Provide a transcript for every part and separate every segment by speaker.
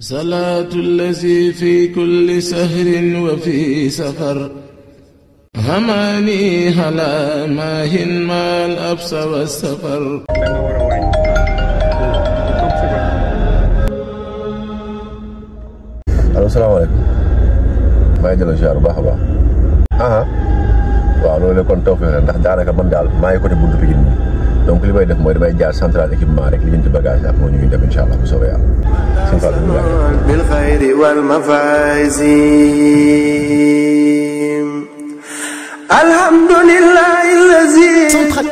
Speaker 1: salaatu allazi fi kulli sahrin wa fi safar hamaani hala maahin maal absa wa safar
Speaker 2: a baax aha waaw loolu donc li may def mooy damay jaar central équipement rek li ñu ci bagage ak moo ñu ngi dem incha allah bu soobee yàlla central
Speaker 1: bi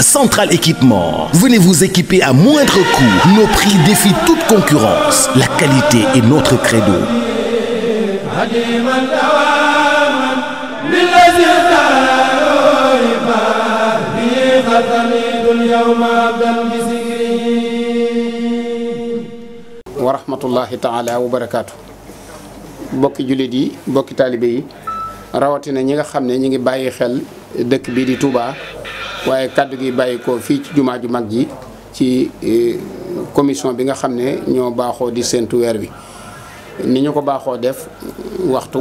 Speaker 1: Central Équipement. Venez vous équiper à moindre coût. Nos prix défient toute concurrence. La qualité est notre credo. wa rahmatullahi taala wa barakaatu bokki jullit yi bokki taalibe yi rawatina ñi nga xam ne ñi ngi bàyyi xel dëkk bii di Touba waaye kàddu gi bàyyi ko fii ci jumaa ju mag ji ci e, commission bi nga xam ne ñoo baaxoo di séentu weer bi ni ñu ko baaxoo def waxtu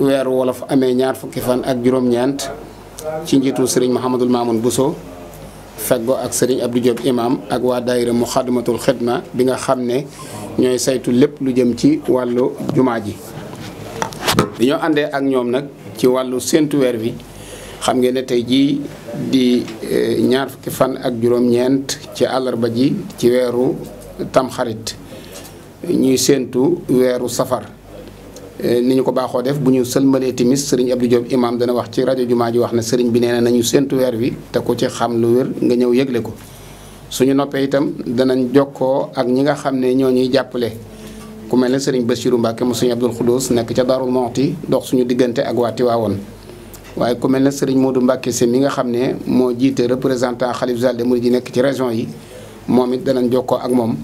Speaker 1: weer wolof amee ñaar fukki fan ak juróom-ñeent ci njiitu sëriñ Mouhamadul Mamoun Bousso feggo ak sëriñ Abdou Diop imam ak waa daayira Muxaddamatul Xidma bi nga xam ne ñooy saytu lépp lu jëm ci wàllu jumaa ji bi ñoo àndee ak ñoom nag ci wàllu séentu weer bi xam ngeen ne tey jii di eh, ñaar fukki fan ak juróom-ñeent ci àllarba ji ci weeru tamxarit ñuy séentu weeru safar eh, ni ñu ko baaxoo def bu ñu sëlmalee timis sëriñ Abdou Diop imam dana wax ci rajo jumaa ji wax na sëriñ bi nee na nañu séentu weer wi te ku ci xam lu wér nga ñëw yëgle ko suñu noppee itam danañ jokkoo ak ñi nga xam ne ñoo ñuy jàppale ku mel ne sëriñ Bassirou Mbacke mu sëriñ Abdoul Khoudous nekk ca Darou Mouhty dox suñu diggante ak waa Tiwaawoon waaye ku mel ne sëriñ Modou Mbacke si mi nga xam ne moo jiite représentant xalif Zal de Mouride yi nekk ci région yi moom it danañ jokkoo ak moom.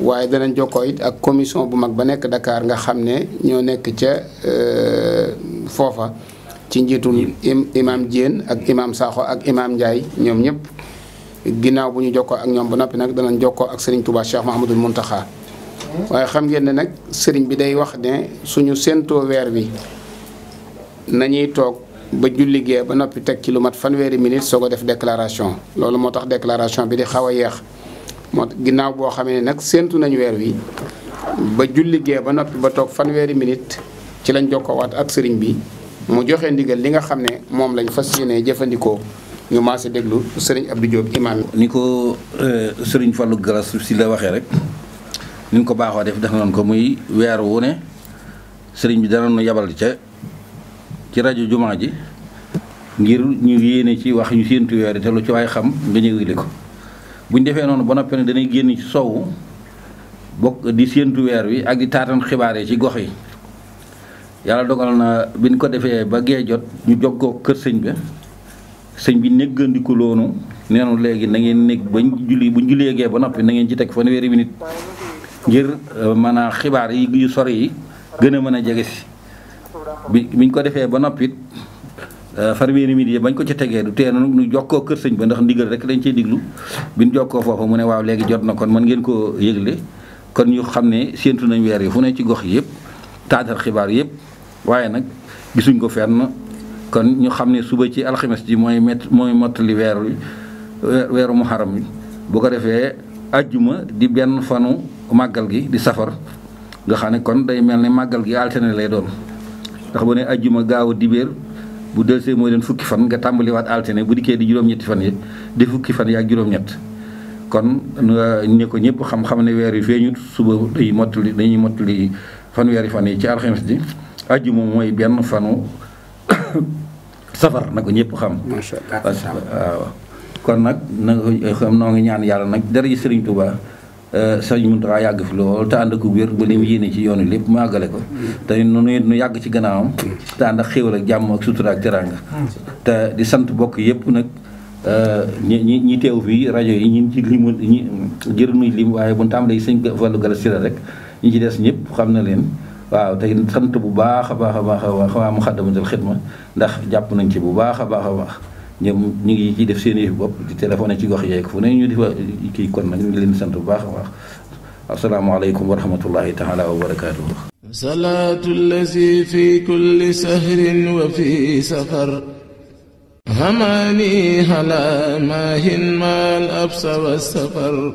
Speaker 1: waaye danañ jokkoo it ak commission bu mag ba nekk dakaar nga xam ne ñoo nekk ca euh, foofa ci njiitul imaam Diène ak imaam Sakho ak imaam Ndiaye ñoom ñëpp. ginnaaw bu ñu jokkoo ak ñoom ba noppi nag danañ jokko ak sëriñ Touba Cheikh Mahamadul Muntaxa waaye xam ngeen ne nag sëriñ bi day wax ne suñu séentoo weer wi nañuy toog. ba julli gee ba noppi teg ci lu mat fanweeri minute soog ko def déclaration loolu moo tax déclaration bi di xaw a yeex moo ginnaaw boo xamee ne nag séentu nañ weer wi ba jul gee ba noppi ba toog fanweeri minit ci lañ jox ko jokkoowaat ak sëriñ bi mu joxe ndigal li nga xam ne moom lañ fas yéenee jëfandikoo ñu
Speaker 2: maase déglu sëriñ Abdou Diop imaam ni ko euh, sëriñ Fallou Galas si la waxee rek ni ko baaxoo def def nañ ko muy weer wu ne sëriñ bi danañu yabal ca. ci rajo jumaa ji ngir ñu yéene ci wax ñu séentu weer te lu ci waay xam nga ñëwili ko bu ñu defee noonu ba noppee ne danay génn ci bokk di séentu weer wi ak di taatan xibaar yi ci gox yi yàlla dogal na bi ñu ko defee ba gee jot ñu ko kër sëñ ba sëñ bi néggandiku loonu neenu léegi na ngeen nekk bañ julli buñ gee ba noppi na ngeen ci teg fanweeri minute ngir euh, maanaam xibaar yi yu sori yi gën a mën a jege si bi bi biñ ko defee ba noppit euh, farweeri midi bañ ko ci tegee du tee nu jokkoo kër sëñ ba ndax ndigal rek dañ ciy diglu bi biñ jokkoo foofa mu ne waaw léegi jot na kon man ngeen koo yëgle kon ñu xam ne séentu nañ weer yi fu ne ci gox yëpp taadal xibaar yëpp waaye nag gisuñ ko fenn kon ñu xam ne suba ci alxames ji mooy mett mooy mottali weer wi weeru muharam bi bu ko defee ajjuma di benn fanu màggal gi di safar nga xam ne kon day mel ne màggal gi alterné lay doon ndax bu ne ajjuma gaaw a dibéer bu delsee mooy leen fukki fan nga tàmbaliwaat altine bu dikkee di juróom-ñetti fan yi di fukki fan yaak juróom-ñett kon euh, ne ko ñëpp xam-xam ne weer yi feeñut suba day mottali dañuy mottali fan weer yi fan yi ci alxames ji ajjuma mooy benn fanu safar na ko ñëpp xam waaw kon nag na xam noo ngi ñaan yàlla nag dara yi Sëriñ Tuubaa Euh, sëñ Mountakha yàgg fi lool te ànd ak wér ba li mu yéene ci yoon wi lépp màggale ko te nu nu yàgg ci gannaawam te ànd ak xéwal ak jàmm ak sutura teraanga te di sant bokk yëpp nag euh, ñi ñi ñi teew fii rajo yi ñi ci limu ñi jëriñu lim waaye bu ñu tàmbalee sëñ Fallou Galass Sylla rek ñi ci des ñëpp xam na leen waaw tey sant bu baax a baax a baax a baax waa Muxaddamatul Xidma ndax jàpp nañ ci bu baax a baax a baax ñoom ñu ngi ciy def seen yëf bopp di téléphoné ci gox yeeg fu ne ñu di fa kii kon nag ñu ngi leen sant bu baax a baax asalaamaaleykum wa rahmatullahi taala wa barakaatuhu
Speaker 1: salaatu llazi fi kulli sahrin wa fi safar hamaani ala maahin maal absa wa safar